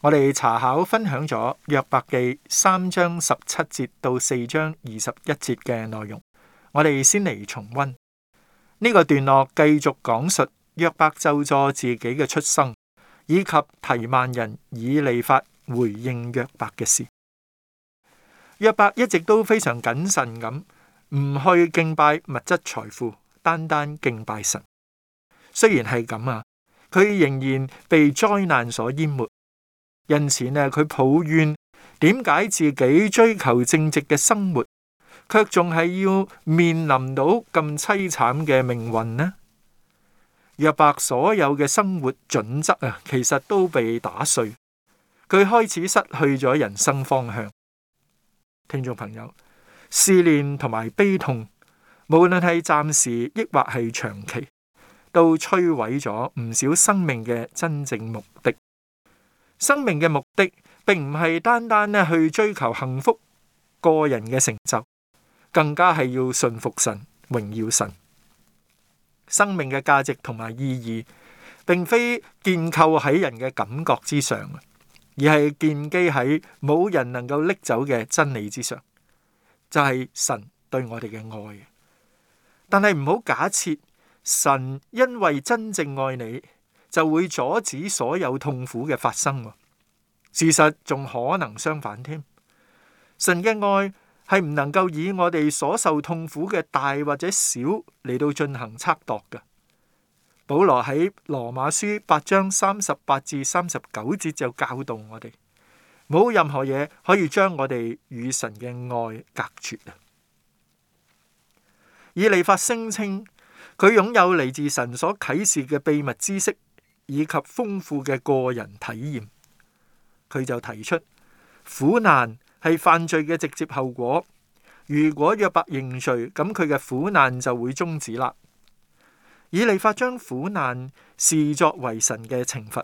我哋查考分享咗約伯記三章十七節到四章二十一節嘅內容，我哋先嚟重温呢個段落，繼續講述約伯咒詛自己嘅出生，以及提幔人以利法回應約伯嘅事。約伯一直都非常謹慎咁，唔去敬拜物質財富，單單敬拜神。雖然係咁啊，佢仍然被災難所淹沒。因此呢，佢抱怨點解自己追求正直嘅生活，卻仲係要面臨到咁淒慘嘅命運呢？若白所有嘅生活準則啊，其實都被打碎，佢開始失去咗人生方向。聽眾朋友，試煉同埋悲痛，無論係暫時抑或係長期，都摧毀咗唔少生命嘅真正目的。生命嘅目的，並唔係單單咧去追求幸福、個人嘅成就，更加係要順服神、榮耀神。生命嘅價值同埋意義，並非建構喺人嘅感覺之上，而係建基喺冇人能夠拎走嘅真理之上，就係神對我哋嘅愛。但係唔好假設神因為真正愛你，就會阻止所有痛苦嘅發生。事實仲可能相反添。神嘅愛係唔能夠以我哋所受痛苦嘅大或者小嚟到進行測度嘅。保羅喺羅馬書八章三十八至三十九節就教導我哋，冇任何嘢可以將我哋與神嘅愛隔絕啊！以利法聲稱佢擁有嚟自神所啟示嘅秘密知識。以及豐富嘅個人體驗，佢就提出苦難係犯罪嘅直接後果。如果約伯認罪，咁佢嘅苦難就會終止啦，以利法將苦難視作為神嘅懲罰。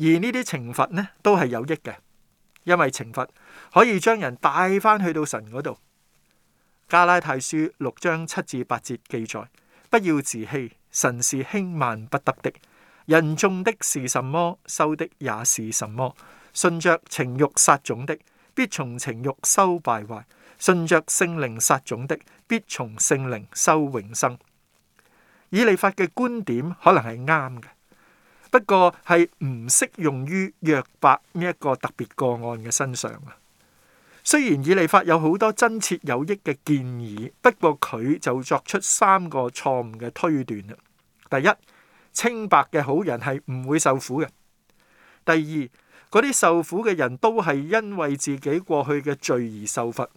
而呢啲懲罰呢都係有益嘅，因為懲罰可以將人帶翻去到神嗰度。加拉太書六章七至八節記載：不要自欺，神是輕慢不得的。人種的是什麼，收的也是什麼。順着情欲殺種的，必從情欲收敗壞；順着聖靈殺種的，必從聖靈收永生。以利法嘅觀點可能係啱嘅，不過係唔適用於約伯呢一個特別個案嘅身上啊。雖然以利法有好多真切有益嘅建議，不過佢就作出三個錯誤嘅推斷。第一。清白嘅好人係唔會受苦嘅。第二，嗰啲受苦嘅人都係因為自己過去嘅罪而受罰。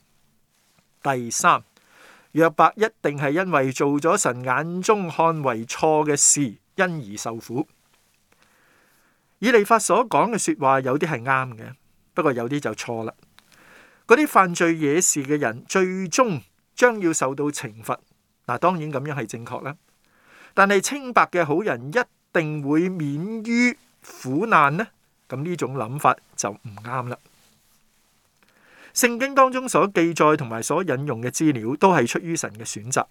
第三，約伯一定係因為做咗神眼中看為錯嘅事，因而受苦。以利法所講嘅說話有啲係啱嘅，不過有啲就錯啦。嗰啲犯罪惹事嘅人，最終將要受到懲罰。嗱，當然咁樣係正確啦。但係清白嘅好人一定會免於苦難呢？咁呢種諗法就唔啱啦。聖經當中所記載同埋所引用嘅資料都係出於神嘅選擇。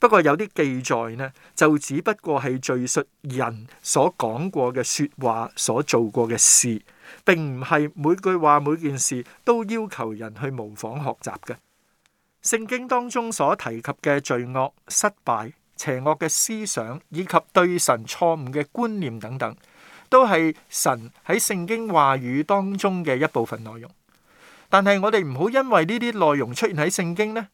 不過有啲記載呢，就只不過係敘述人所講過嘅說話、所做過嘅事，並唔係每句話、每件事都要求人去模仿學習嘅。聖經當中所提及嘅罪惡、失敗，邪惡嘅思想以及對神錯誤嘅觀念等等，都係神喺聖經話語當中嘅一部分內容。但係我哋唔好因為呢啲內容出現喺聖經呢，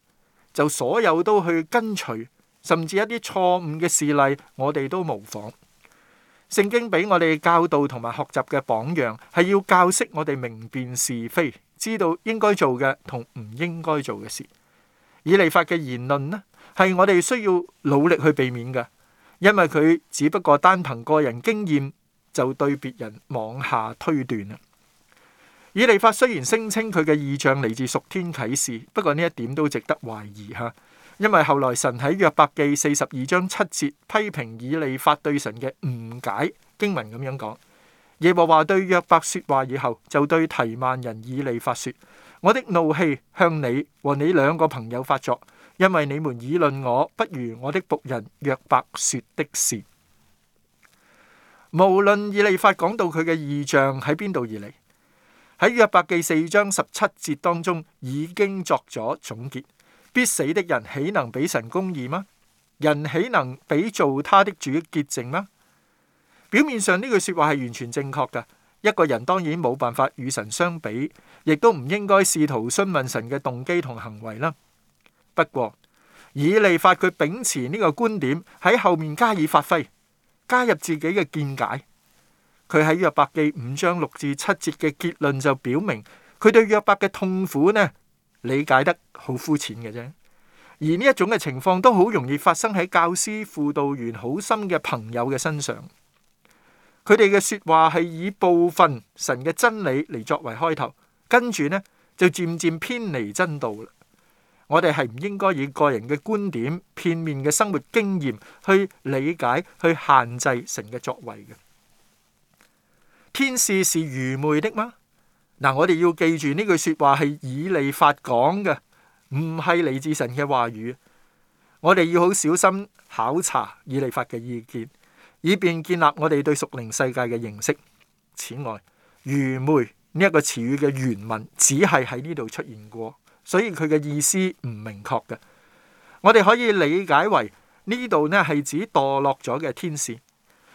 就所有都去跟隨，甚至一啲錯誤嘅事例，我哋都模仿。聖經俾我哋教導同埋學習嘅榜樣，係要教識我哋明辨是非，知道應該做嘅同唔應該做嘅事。以利法嘅言論呢，係我哋需要努力去避免嘅，因為佢只不過單憑個人經驗就對別人妄下推斷啦。以利法雖然聲稱佢嘅意象嚟自屬天啟示，不過呢一點都值得懷疑吓，因為後來神喺約伯記四十二章七節批評以利法對神嘅誤解，經文咁樣講：耶和華對約伯說話以後，就對提曼人以利法說：我的怒氣向你和你兩個朋友發作。因為你們議論我，不如我的僕人約伯說的是。無論以利法講到佢嘅異象喺邊度而嚟，喺約伯記四章十七節當中已經作咗總結：必死的人豈能比神公義嗎？人豈能比造他的主潔淨嗎？表面上呢句說話係完全正確噶。一個人當然冇辦法與神相比，亦都唔應該試圖詢問神嘅動機同行為啦。不過，以利法佢秉持呢個觀點喺後面加以發揮，加入自己嘅見解。佢喺約伯記五章六至七節嘅結論就表明，佢對約伯嘅痛苦呢理解得好膚淺嘅啫。而呢一種嘅情況都好容易發生喺教師、輔導員、好心嘅朋友嘅身上。佢哋嘅説話係以部分神嘅真理嚟作為開頭，跟住呢就漸漸偏離真道啦。我哋係唔應該以個人嘅觀點、片面嘅生活經驗去理解、去限制神嘅作為嘅。天使是愚昧的嗎？嗱，我哋要記住呢句説話係以利法講嘅，唔係嚟自神嘅話語。我哋要好小心考察以利法嘅意見，以便建立我哋對屬靈世界嘅認識。此外，愚昧呢一個詞語嘅原文只係喺呢度出現過。所以佢嘅意思唔明確嘅，我哋可以理解為呢度呢，係指墮落咗嘅天使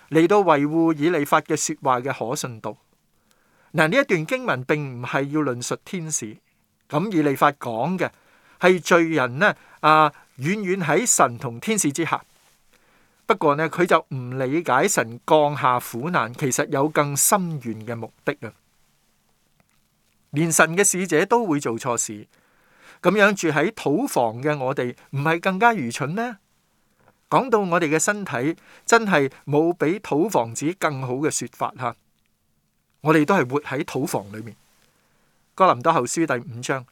嚟到維護以利法嘅說話嘅可信度。嗱，呢一段經文並唔係要論述天使，咁以利法講嘅，係罪人呢，啊，遠遠喺神同天使之下。不過呢，佢就唔理解神降下苦難，其實有更深遠嘅目的啊！連神嘅使者都會做錯事。咁樣住喺土房嘅我哋，唔係更加愚蠢咩？講到我哋嘅身體，真係冇比土房子更好嘅説法吓。我哋都係活喺土房裏面。哥林多後書第五章，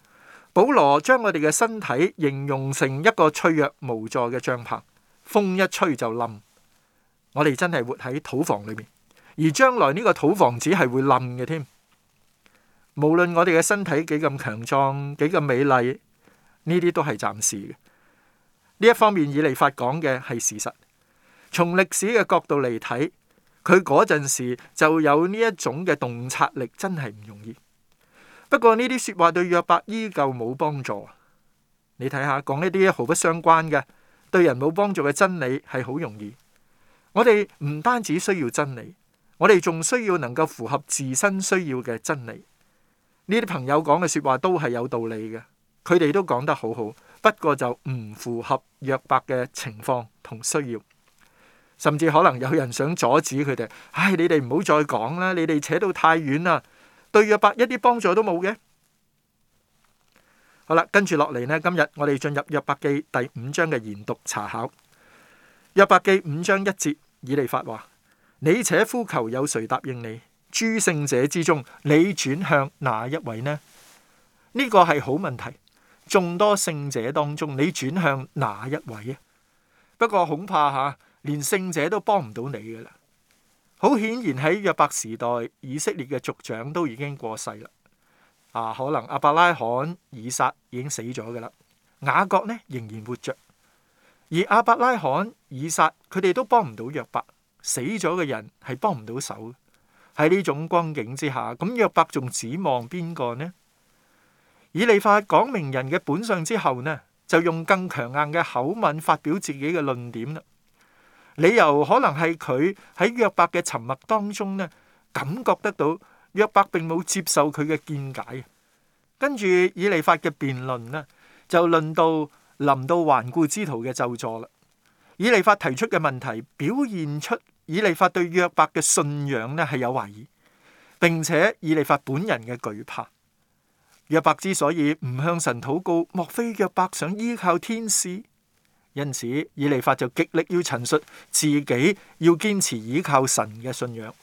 保羅將我哋嘅身體形容成一個脆弱無助嘅帳篷，風一吹就冧。我哋真係活喺土房裏面，而將來呢個土房子係會冧嘅添。無論我哋嘅身體幾咁強壯，幾咁美麗，呢啲都係暫時嘅。呢一方面以利法講嘅係事實。從歷史嘅角度嚟睇，佢嗰陣時就有呢一種嘅洞察力，真係唔容易。不過呢啲説話對約伯依舊冇幫助。你睇下講呢啲毫不相關嘅對人冇幫助嘅真理係好容易。我哋唔單止需要真理，我哋仲需要能夠符合自身需要嘅真理。呢啲朋友講嘅說話都係有道理嘅，佢哋都講得好好，不過就唔符合約伯嘅情況同需要，甚至可能有人想阻止佢哋。唉、哎，你哋唔好再講啦，你哋扯到太遠啦，對約伯一啲幫助都冇嘅。好啦，跟住落嚟呢，今日我哋進入約伯記第五章嘅研讀查考。約伯記五章一節，以利法話：你且呼求，有誰答應你？諸聖者之中，你轉向哪一位呢？呢個係好問題。眾多聖者當中，你轉向哪一位啊？不過恐怕吓連聖者都幫唔到你嘅啦。好顯然喺約伯時代，以色列嘅族長都已經過世啦。啊，可能亞伯拉罕、以撒已經死咗噶啦，雅各呢仍然活着。而亞伯拉罕、以撒佢哋都幫唔到約伯，死咗嘅人係幫唔到手。喺呢種光景之下，咁約伯仲指望邊個呢？以利法講明人嘅本相之後呢，就用更強硬嘅口吻發表自己嘅論點啦。理由可能係佢喺約伯嘅沉默當中呢，感覺得到約伯並冇接受佢嘅見解。跟住以利法嘅辯論呢，就論到臨到頑固之徒嘅咒詛啦。以利法提出嘅問題表現出，以利法對約伯嘅信仰呢，係有懷疑，並且以利法本人嘅懼怕。約伯之所以唔向神禱告，莫非約伯想依靠天使？因此，以利法就極力要陳述自己要堅持依靠神嘅信仰。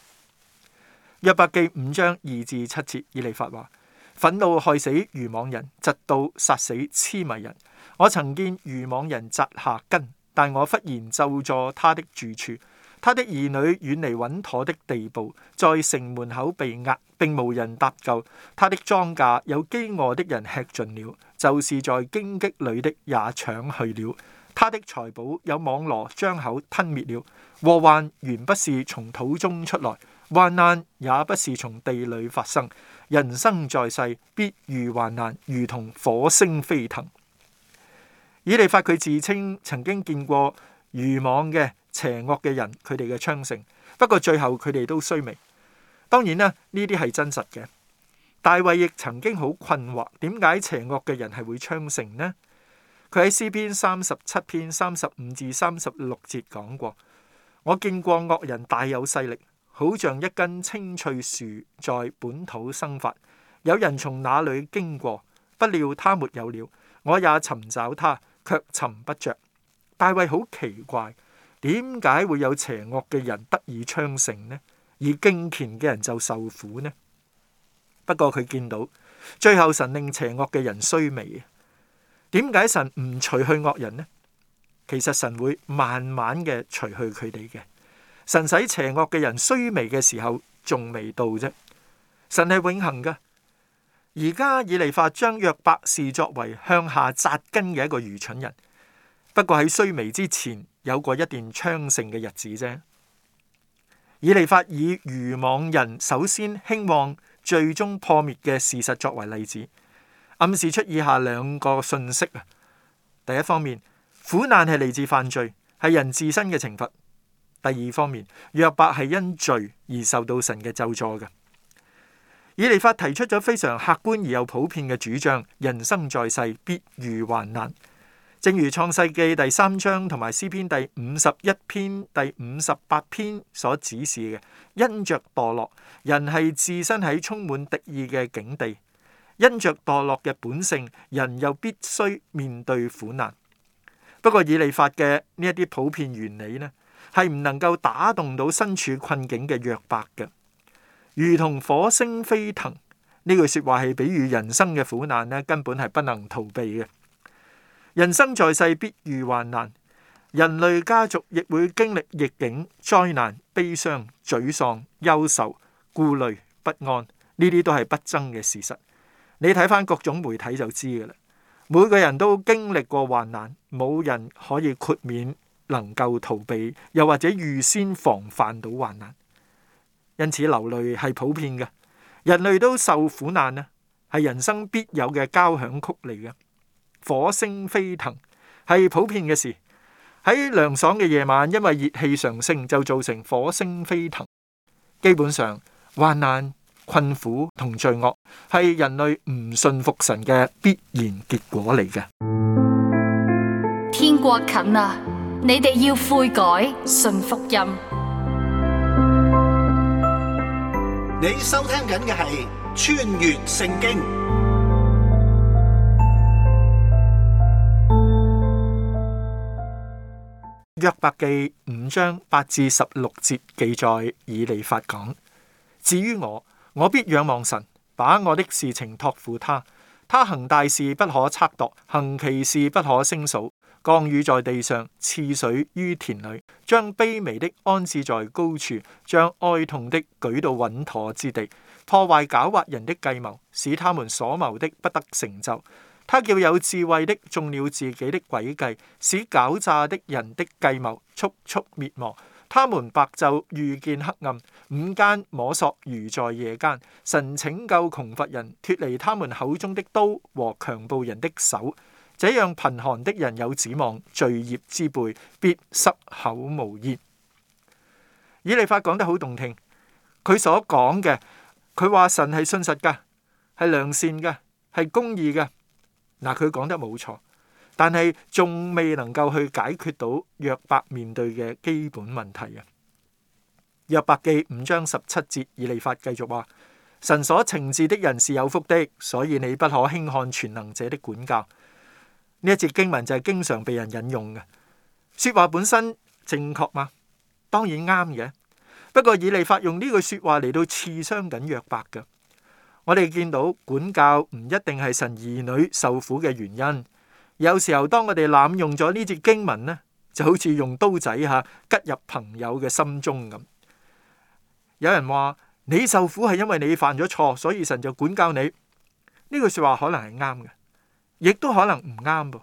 約伯記五章二至七節，以利法話：憤怒害死愚妄人，嫉妒殺死癡迷人。我曾見愚妄人紮下根，但我忽然咒詛他的住處。他的兒女遠離穩妥的地步，在城門口被壓，並無人搭救。他的莊稼有飢餓的人吃盡了，就是在荊棘裏的也搶去了。他的財寶有網羅張口吞滅了。禍患原不是從土中出來，患難也不是從地裏發生。人生在世，必遇患難，如同火星飛騰。以利法佢自稱曾經見過漁網嘅，邪惡嘅人，佢哋嘅昌盛，不過最後佢哋都衰微。當然啦，呢啲係真實嘅。大衛亦曾經好困惑，點解邪惡嘅人係會昌盛呢？佢喺詩篇三十七篇三十五至三十六節講過：「我見過惡人大有勢力，好像一根青翠樹在本土生發。有人從那裏經過，不料他沒有了。我也尋找他，卻尋不着。」大衛好奇怪。點解會有邪惡嘅人得以昌盛呢？而敬虔嘅人就受苦呢？不過佢見到最後神令邪惡嘅人衰微啊！點解神唔除去惡人呢？其實神會慢慢嘅除去佢哋嘅。神使邪惡嘅人衰微嘅時候仲未到啫。神係永恆噶。而家以利法將約伯視作為向下扎根嘅一個愚蠢人。不過喺衰微之前。有過一段昌盛嘅日子啫。以利法以愚妄人首先希望最終破滅嘅事實作為例子，暗示出以下兩個訊息：第一方面，苦難係嚟自犯罪，係人自身嘅懲罰。第二方面，約伯係因罪而受到神嘅咒助嘅。以利法提出咗非常客觀而又普遍嘅主張：人生在世必遇患難。正如《創世記》第三章同埋《詩篇》第五十一篇、第五十八篇所指示嘅，因着墮落，人係置身喺充滿敵意嘅境地；因着墮落嘅本性，人又必須面對苦難。不過以利法嘅呢一啲普遍原理呢，係唔能夠打動到身處困境嘅約伯嘅。如同火星飛騰，呢句說話，係比喻人生嘅苦難呢，根本係不能逃避嘅。人生在世必遇患難，人類家族亦會經歷逆境、災難、悲傷、沮喪、憂愁、顧慮、不安，呢啲都係不爭嘅事實。你睇返各種媒體就知嘅啦。每個人都經歷過患難，冇人可以豁免，能夠逃避，又或者預先防範到患難。因此流淚係普遍嘅，人類都受苦難啊，係人生必有嘅交響曲嚟嘅。火星飛騰係普遍嘅事，喺涼爽嘅夜晚，因為熱氣上升就造成火星飛騰。基本上，患難、困苦同罪惡係人類唔信服神嘅必然結果嚟嘅。天國近啊，你哋要悔改信福音。你收聽緊嘅係穿越聖經。約伯記五章八至十六節記載以利法講：至於我，我必仰望神，把我的事情託付他。他行大事不可測度，行其事不可勝數。降雨在地上，賜水於田裏，將卑微的安置在高處，將哀痛的舉到穩妥之地，破壞狡猾人的計謀，使他們所謀的不得成就。他叫有智慧的中了自己的詭計，使狡詐的人的計謀速速滅亡。他們白晝遇見黑暗，午間摸索如在夜間。神拯救窮乏人，脱離他們口中的刀和強暴人的手，這樣貧寒的人有指望。罪孽之輩必失口無言。以利法講得好動聽，佢所講嘅，佢話神係信實嘅，係良善嘅，係公義嘅。嗱，佢講得冇錯，但係仲未能夠去解決到約伯面對嘅基本問題啊！約伯記五章十七節，以利法繼續話：神所懲治的人是有福的，所以你不可輕看全能者的管教。呢一節經文就係經常被人引用嘅，説話本身正確嗎？當然啱嘅，不過以利法用呢句説話嚟到刺傷緊約伯嘅。我哋見到管教唔一定係神兒女受苦嘅原因，有時候當我哋濫用咗呢節經文呢，就好似用刀仔吓吉入朋友嘅心中咁。有人話，你受苦係因為你犯咗錯，所以神就管教你。呢句說話可能係啱嘅，亦都可能唔啱噃。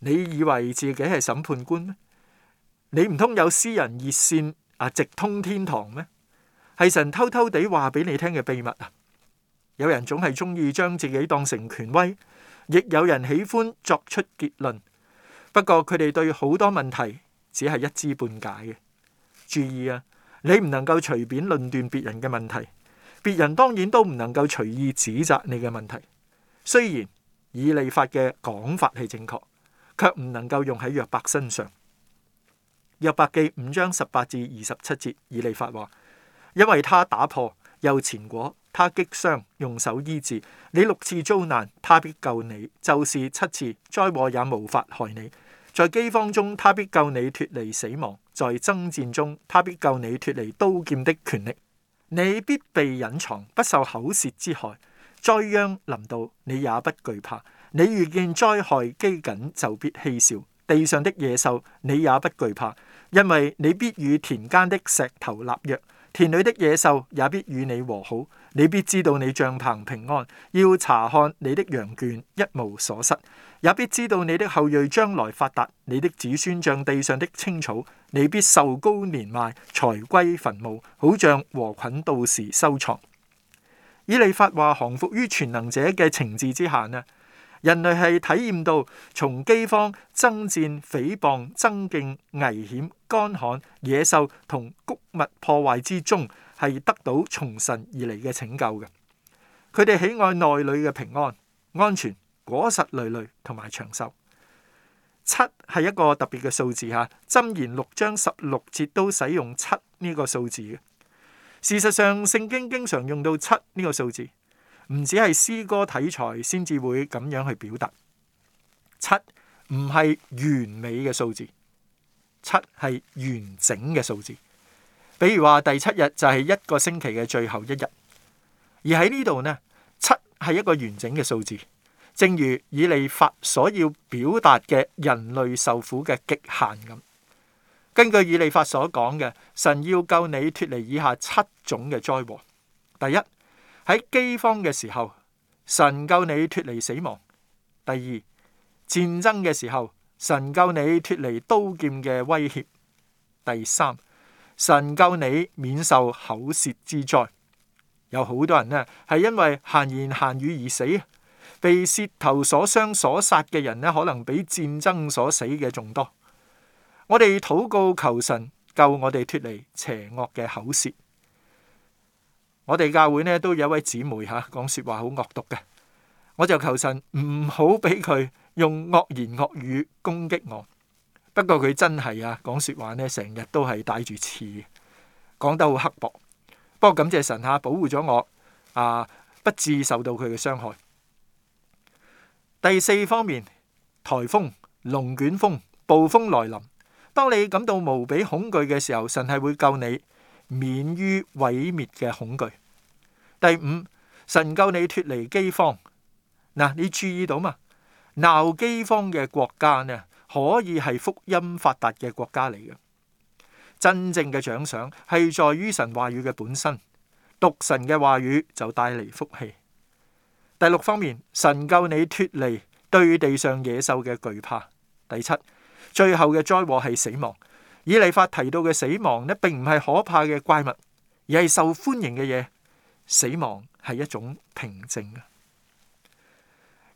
你以為自己係審判官咩？你唔通有私人熱線啊，直通天堂咩？係神偷偷地話俾你聽嘅秘密啊！有人總係中意將自己當成權威，亦有人喜歡作出結論。不過佢哋對好多問題只係一知半解嘅。注意啊，你唔能夠隨便論斷別人嘅問題，別人當然都唔能夠隨意指責你嘅問題。雖然以利法嘅講法係正確，卻唔能夠用喺約伯身上。約伯記五章十八至二十七節，以利法話：因為他打破又纏裹。他擊傷，用手醫治。你六次遭難，他必救你；就是七次災禍也無法害你。在饑荒中，他必救你脫離死亡；在爭戰中，他必救你脫離刀劍的權力。你必被隱藏，不受口舌之害；災殃臨到，你也不懼怕。你遇見災害饑饉，就必喜笑；地上的野獸，你也不懼怕，因為你必與田間的石頭立約。田裏的野獸也必與你和好，你必知道你帳棚平安，要查看你的羊圈一無所失，也必知道你的後裔將來發達，你的子孫像地上的青草，你必壽高年邁，才歸墳墓，好像禾捆到時收藏。以利法話降服於全能者嘅情志之下呢？人類係體驗到從饑荒、爭戰、誹謗、爭競、危險、乾旱、野獸同穀物破壞之中，係得到從神而嚟嘅拯救嘅。佢哋喜愛內裏嘅平安、安全、果實累累同埋長壽。七係一個特別嘅數字嚇，啊，箴言六章十六節都使用七呢個數字嘅。事實上，聖經經常用到七呢個數字。唔止係詩歌題材先至會咁樣去表達。七唔係完美嘅數字，七係完整嘅數字。比如話第七日就係一個星期嘅最後一日，而喺呢度呢，七係一個完整嘅數字，正如以利法所要表達嘅人類受苦嘅極限咁。根據以利法所講嘅，神要救你脱離以下七種嘅災禍。第一。喺饑荒嘅時候，神救你脱離死亡；第二，戰爭嘅時候，神救你脫離刀劍嘅威脅；第三，神救你免受口舌之災。有好多人呢，係因為閒言閒語而死，被舌頭所傷所殺嘅人呢，可能比戰爭所死嘅仲多。我哋禱告求神救我哋脫離邪惡嘅口舌。我哋教會呢都有一位姊妹吓、啊，講說話好惡毒嘅，我就求神唔好俾佢用惡言惡語攻擊我。不過佢真係啊，講說話呢成日都係帶住刺，講得好刻薄。不過感謝神吓、啊，保護咗我啊，不致受到佢嘅傷害。第四方面，台風、龍捲風、暴風來臨，當你感到無比恐懼嘅時候，神係會救你。免於毀滅嘅恐懼。第五，神救你脱離飢荒。嗱、啊，你注意到嘛？鬧飢荒嘅國家呢，可以係福音發達嘅國家嚟嘅。真正嘅獎賞係在於神話語嘅本身。讀神嘅話語就帶嚟福氣。第六方面，神救你脱離對地上野獸嘅懼怕。第七，最後嘅災禍係死亡。以利法提到嘅死亡呢，並唔係可怕嘅怪物，而係受歡迎嘅嘢。死亡係一種平靜。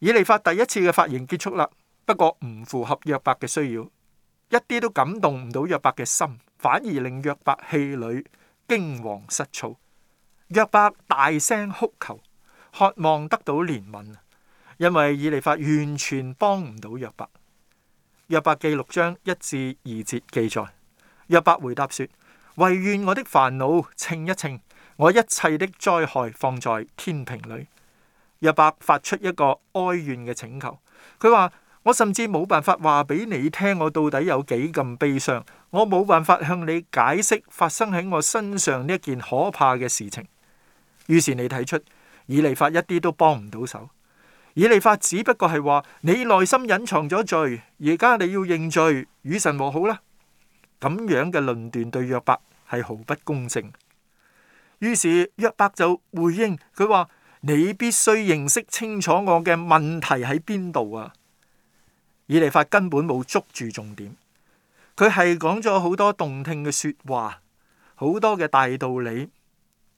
以利法第一次嘅發言結束啦，不過唔符合約伯嘅需要，一啲都感動唔到約伯嘅心，反而令約伯氣餒驚、驚惶失措。約伯大聲哭求，渴望得到憐憫，因為以利法完全幫唔到約伯。約伯記六章一至二節記載。約伯回答說：唯願我的煩惱稱一稱，我一切的災害放在天平裏。約伯發出一個哀怨嘅請求，佢話：我甚至冇辦法話俾你聽我到底有幾咁悲傷，我冇辦法向你解釋發生喺我身上呢一件可怕嘅事情。於是你睇出以利法一啲都幫唔到手，以利法只不過係話你內心隱藏咗罪，而家你要認罪與神和好啦。咁樣嘅論斷對約伯係毫不公正，於是約伯就回應佢話：你必須認識清楚我嘅問題喺邊度啊！以利法根本冇捉住重點，佢係講咗好多動聽嘅說話，好多嘅大道理，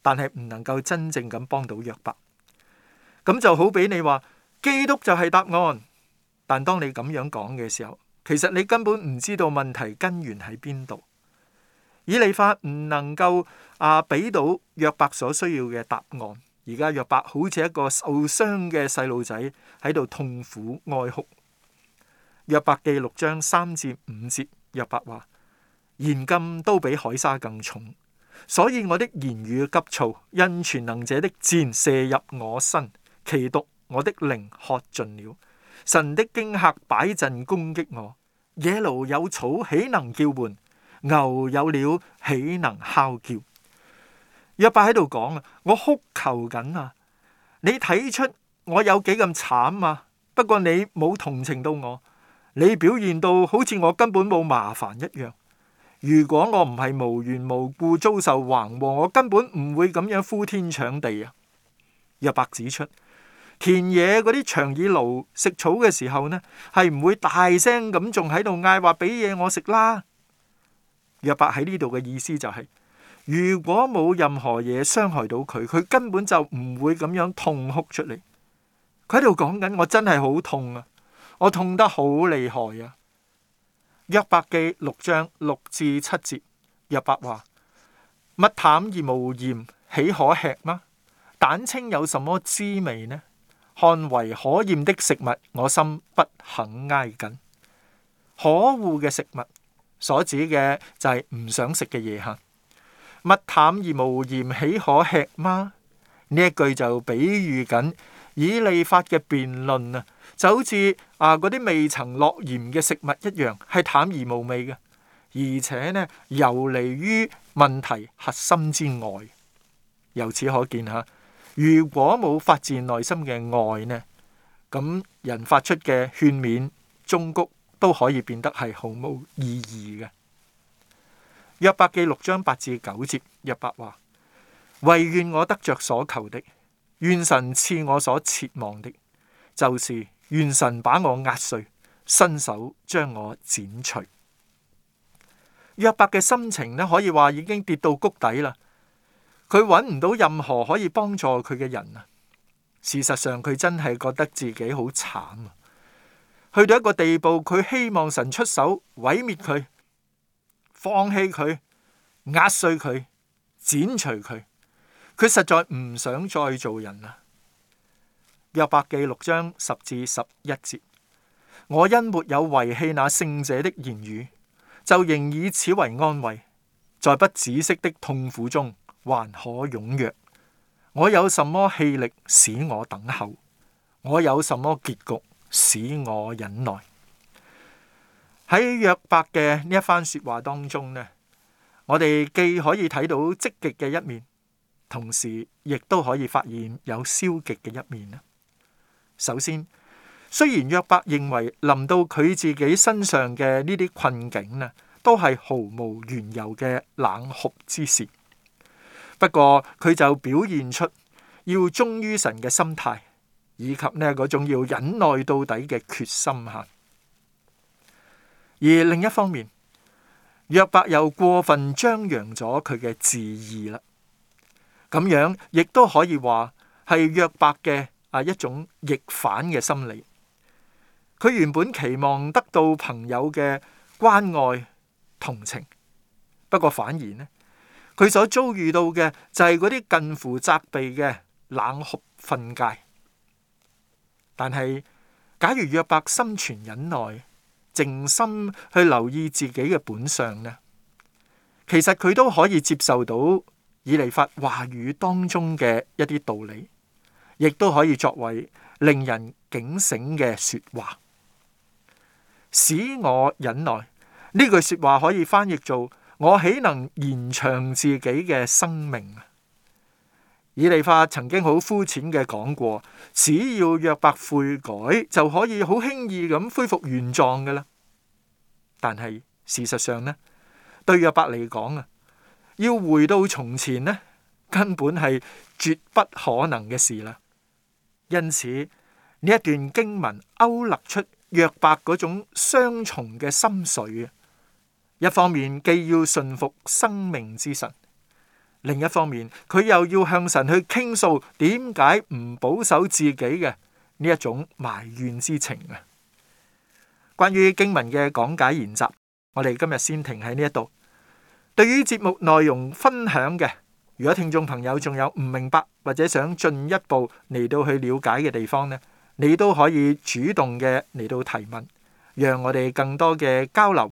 但係唔能夠真正咁幫到約伯。咁就好比你話基督就係答案，但當你咁樣講嘅時候。其實你根本唔知道問題根源喺邊度，以利法唔能夠啊，俾到約伯所需要嘅答案。而家約伯好似一個受傷嘅細路仔喺度痛苦哀哭。約伯記六章三至五節，約伯話：現今都比海沙更重，所以我的言語急躁，因全能者的箭射入我身，其毒我的靈喝盡了。神的驚嚇擺陣攻擊我，野驢有草豈能叫喚？牛有料豈能敲叫？約伯喺度講啊，我哭求緊啊，你睇出我有幾咁慘啊？不過你冇同情到我，你表現到好似我根本冇麻煩一樣。如果我唔係無緣無故遭受橫禍，我根本唔會咁樣呼天搶地啊！約伯指出。田野嗰啲長耳驢食草嘅時候呢，係唔會大聲咁仲喺度嗌話俾嘢我食啦。約伯喺呢度嘅意思就係、是，如果冇任何嘢傷害到佢，佢根本就唔會咁樣痛哭出嚟。佢喺度講緊我真係好痛啊，我痛得好厲害啊。約伯記六章六至七節，約伯話：物淡而無鹽，豈可吃嗎？蛋清有什麼滋味呢？看為可厭的食物，我心不肯挨近。可惡嘅食物，所指嘅就係唔想食嘅嘢嚇。物淡而無鹽，豈可吃嗎？呢一句就比喻緊以利法嘅辯論啊，就好似啊嗰啲未曾落鹽嘅食物一樣，係淡而無味嘅，而且呢遊離於問題核心之外。由此可見嚇。如果冇發自內心嘅愛呢，咁人發出嘅勸勉忠告都可以變得係毫無意義嘅。約伯記六章八至九節，約伯話：唯願我得着所求的，願神賜我所切望的，就是願神把我壓碎，伸手將我剪除。約伯嘅心情呢，可以話已經跌到谷底啦。佢揾唔到任何可以幫助佢嘅人。事實上，佢真係覺得自己好慘。去到一個地步，佢希望神出手毀滅佢、放棄佢、壓碎佢、剪除佢。佢實在唔想再做人啦。約伯記六章十至十一節，我因沒有遺棄那聖者的言語，就仍以此為安慰，在不止息的痛苦中。還可踴躍，我有什麼氣力使我等候？我有什麼結局使我忍耐？喺約伯嘅呢一番說話當中呢，我哋既可以睇到積極嘅一面，同時亦都可以發現有消極嘅一面啦。首先，雖然約伯認為臨到佢自己身上嘅呢啲困境咧，都係毫無緣由嘅冷酷之事。不過佢就表現出要忠於神嘅心態，以及呢嗰種要忍耐到底嘅決心吓。而另一方面，約伯又過分張揚咗佢嘅自義啦。咁樣亦都可以話係約伯嘅啊一種逆反嘅心理。佢原本期望得到朋友嘅關愛同情，不過反而呢？佢所遭遇到嘅就係嗰啲近乎責備嘅冷酷訓誡，但係假如約伯心存忍耐，靜心去留意自己嘅本相呢，其實佢都可以接受到以利法話語當中嘅一啲道理，亦都可以作為令人警醒嘅說話，使我忍耐，呢句說話可以翻譯做。我豈能延長自己嘅生命啊？以利法曾經好膚淺嘅講過，只要約伯悔改就可以好輕易咁恢復原狀㗎啦。但係事實上呢，對約伯嚟講啊，要回到從前呢，根本係絕不可能嘅事啦。因此呢一段經文勾勒出約伯嗰種雙重嘅心緒啊。一方面既要順服生命之神，另一方面佢又要向神去傾訴點解唔保守自己嘅呢一種埋怨之情啊！關於經文嘅講解研習，我哋今日先停喺呢一度。對於節目內容分享嘅，如果聽眾朋友仲有唔明白或者想進一步嚟到去了解嘅地方呢，你都可以主動嘅嚟到提問，讓我哋更多嘅交流。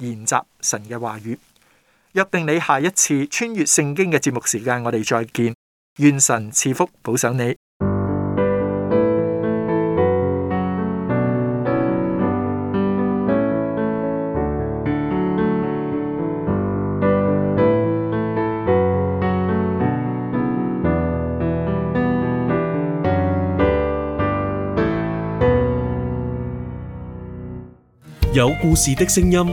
研習神嘅話語，約定你下一次穿越聖經嘅節目時間，我哋再見。願神賜福保守你。有故事的聲音。